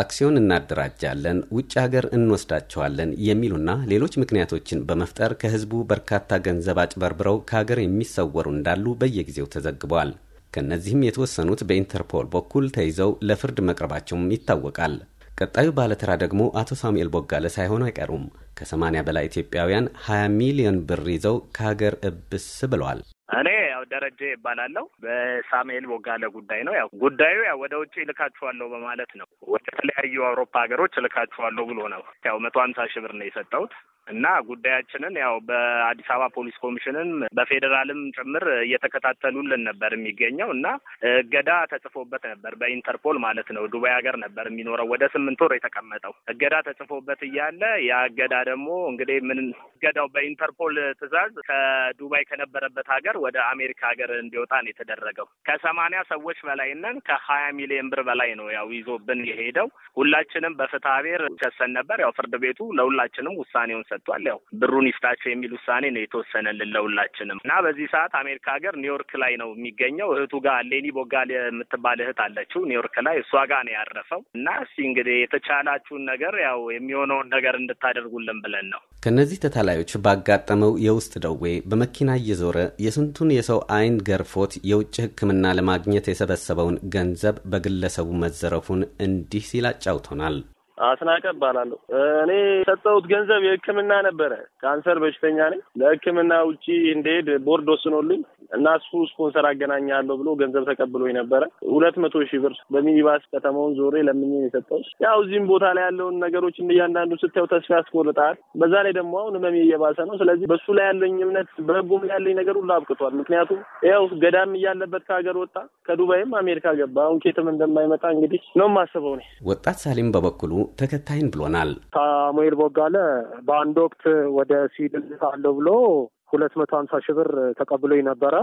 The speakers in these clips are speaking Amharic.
አክሲዮን እናደራጃለን፣ ውጭ ሀገር እንወስዳቸዋለን የሚሉና ሌሎች ምክንያቶችን በመፍጠር ከህዝቡ በርካታ ገንዘብ አጭበርብረው ከሀገር የሚሰወሩ እንዳሉ በየጊዜው ተዘግቧል። ከእነዚህም የተወሰኑት በኢንተርፖል በኩል ተይዘው ለፍርድ መቅረባቸውም ይታወቃል። ቀጣዩ ባለተራ ደግሞ አቶ ሳሙኤል ቦጋለ ሳይሆኑ አይቀሩም። ከሰማንያ በላይ ኢትዮጵያውያን 20 ሚሊዮን ብር ይዘው ከሀገር እብስ ብለዋል። እኔ ደረጀ ይባላለሁ። በሳሙኤል ቦጋለ ጉዳይ ነው። ያው ጉዳዩ ያው ወደ ውጭ ይልካችኋለሁ በማለት ነው ወደ ተለያዩ አውሮፓ ሀገሮች እልካችኋለሁ ብሎ ነው። ያው መቶ ሀምሳ ሺህ ብር ነው የሰጠሁት። እና ጉዳያችንን ያው በአዲስ አበባ ፖሊስ ኮሚሽንም በፌዴራልም ጭምር እየተከታተሉልን ነበር የሚገኘው እና እገዳ ተጽፎበት ነበር በኢንተርፖል ማለት ነው። ዱባይ ሀገር ነበር የሚኖረው ወደ ስምንት ወር የተቀመጠው እገዳ ተጽፎበት እያለ ያ እገዳ ደግሞ እንግዲህ ምን እገዳው በኢንተርፖል ትዕዛዝ ከዱባይ ከነበረበት ሀገር ወደ አሜሪካ ሀገር እንዲወጣ ነው የተደረገው። ከሰማንያ ሰዎች በላይ ነን። ከሀያ ሚሊዮን ብር በላይ ነው ያው ይዞብን የሄደው። ሁላችንም በፍትሐ ብሔር ከሰን ነበር። ያው ፍርድ ቤቱ ለሁላችንም ውሳኔውን ሰ ሰጥቷል። ያው ብሩን ይስጣቸው የሚል ውሳኔ ነው የተወሰነልን ለሁላችንም እና በዚህ ሰዓት አሜሪካ ሀገር ኒውዮርክ ላይ ነው የሚገኘው። እህቱ ጋር ሌኒ ቦጋል የምትባል እህት አለችው ኒውዮርክ ላይ እሷ ጋር ነው ያረፈው እና እስኪ እንግዲህ የተቻላችሁን ነገር ያው የሚሆነውን ነገር እንድታደርጉልን ብለን ነው። ከእነዚህ ተታላዮች ባጋጠመው የውስጥ ደዌ በመኪና እየዞረ የስንቱን የሰው አይን ገርፎት የውጭ ሕክምና ለማግኘት የሰበሰበውን ገንዘብ በግለሰቡ መዘረፉን እንዲህ ሲል አጫውቶናል። አስናቀ እባላለሁ። እኔ የሰጠሁት ገንዘብ የሕክምና ነበረ። ካንሰር በሽተኛ ነኝ። ለሕክምና ውጪ እንደሄድ ቦርድ ወስኖልኝ እና እሱ ስፖንሰር አገናኛለሁ ብሎ ገንዘብ ተቀብሎ ነበረ። ሁለት መቶ ሺህ ብር በሚኒባስ ከተማውን ዞሬ ለምኜ የሰጠው። ያው እዚህም ቦታ ላይ ያለውን ነገሮች እያንዳንዱ ስታየው ተስፋ ያስቆርጣል። በዛ ላይ ደግሞ አሁን ህመሜ እየባሰ ነው። ስለዚህ በሱ ላይ ያለኝ እምነት በህጉም ላይ ያለኝ ነገር ሁሉ አብቅቷል። ምክንያቱም ያው ገዳም እያለበት ከሀገር ወጣ፣ ከዱባይም አሜሪካ ገባ። አሁን ኬትም እንደማይመጣ እንግዲህ ነው ማስበው ነ ወጣት ሳሊም በበኩሉ ተከታይን ብሎናል። ሳሙኤል ቦጋለ በአንድ ወቅት ወደ ሲድል አለው ብሎ ሁለት መቶ ሀምሳ ሺህ ብር ተቀብሎኝ ነበረ።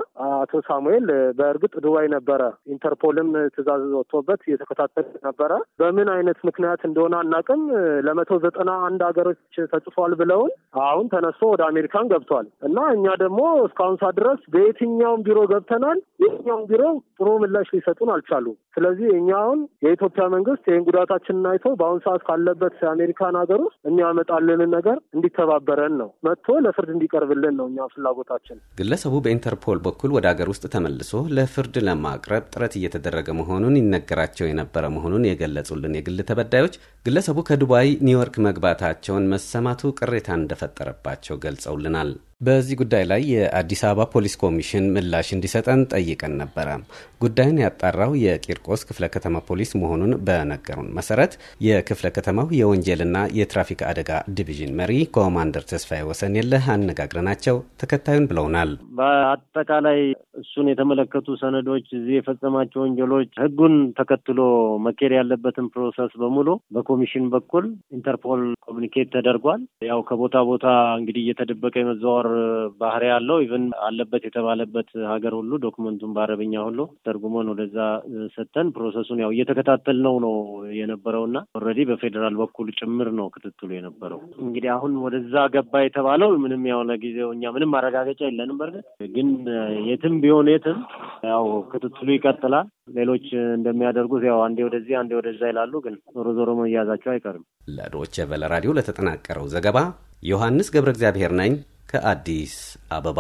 አቶ ሳሙኤል በእርግጥ ዱባይ ነበረ። ኢንተርፖልም ትእዛዝ ወጥቶበት እየተከታተል ነበረ። በምን አይነት ምክንያት እንደሆነ አናቅም። ለመቶ ዘጠና አንድ ሀገሮች ተጽፏል ብለውን አሁን ተነስቶ ወደ አሜሪካን ገብቷል እና እኛ ደግሞ እስካሁን ሳ ድረስ በየትኛውም ቢሮ ገብተናል። የትኛውም ቢሮ ጥሩ ምላሽ ሊሰጡን አልቻሉም። ስለዚህ እኛ አሁን የኢትዮጵያ መንግስት ይህን ጉዳታችንን አይቶ በአሁኑ ሰዓት ካለበት የአሜሪካን ሀገር ውስጥ የሚያመጣልንን ነገር እንዲተባበረን ነው መጥቶ ለፍርድ እንዲቀርብልን ነው እኛ ፍላጎታችን። ግለሰቡ በኢንተርፖል በኩል ወደ ሀገር ውስጥ ተመልሶ ለፍርድ ለማቅረብ ጥረት እየተደረገ መሆኑን ይነገራቸው የነበረ መሆኑን የገለጹልን የግል ተበዳዮች ግለሰቡ ከዱባይ ኒውዮርክ መግባታቸውን መሰማቱ ቅሬታ እንደፈጠረባቸው ገልጸውልናል። በዚህ ጉዳይ ላይ የአዲስ አበባ ፖሊስ ኮሚሽን ምላሽ እንዲሰጠን ጠይቀን ነበረ። ጉዳዩን ያጣራው የቂርቆስ ክፍለ ከተማ ፖሊስ መሆኑን በነገሩን መሰረት የክፍለ ከተማው የወንጀልና የትራፊክ አደጋ ዲቪዥን መሪ ኮማንደር ተስፋዬ ወሰን የለህ አነጋግረናቸው ተከታዩን ብለውናል። በአጠቃላይ እሱን የተመለከቱ ሰነዶች፣ እዚህ የፈጸማቸው ወንጀሎች፣ ህጉን ተከትሎ መኬድ ያለበትን ፕሮሰስ በሙሉ በኮሚሽን በኩል ኢንተርፖል ኮሚኒኬት ተደርጓል። ያው ከቦታ ቦታ እንግዲህ እየተደበቀ የመዘዋወር የመኖር ባህሪ ያለው ኢቨን አለበት የተባለበት ሀገር ሁሉ ዶክመንቱን በአረብኛ ሁሉ ተርጉመን ወደዛ ሰተን ፕሮሰሱን ያው እየተከታተል ነው የነበረውና ኦልሬዲ በፌዴራል በኩል ጭምር ነው ክትትሉ የነበረው። እንግዲህ አሁን ወደዛ ገባ የተባለው ምንም ያው ለጊዜው እኛ ምንም ማረጋገጫ የለንም። በእርግጥ ግን የትም ቢሆን የትም ያው ክትትሉ ይቀጥላል። ሌሎች እንደሚያደርጉት ያው አንዴ ወደዚህ አንዴ ወደዛ ይላሉ። ግን ዞሮ ዞሮ መያዛቸው አይቀርም። ለዶቼ ቬለ ራዲዮ ለተጠናቀረው ዘገባ ዮሐንስ ገብረ እግዚአብሔር ነኝ። ከአዲስ አበባ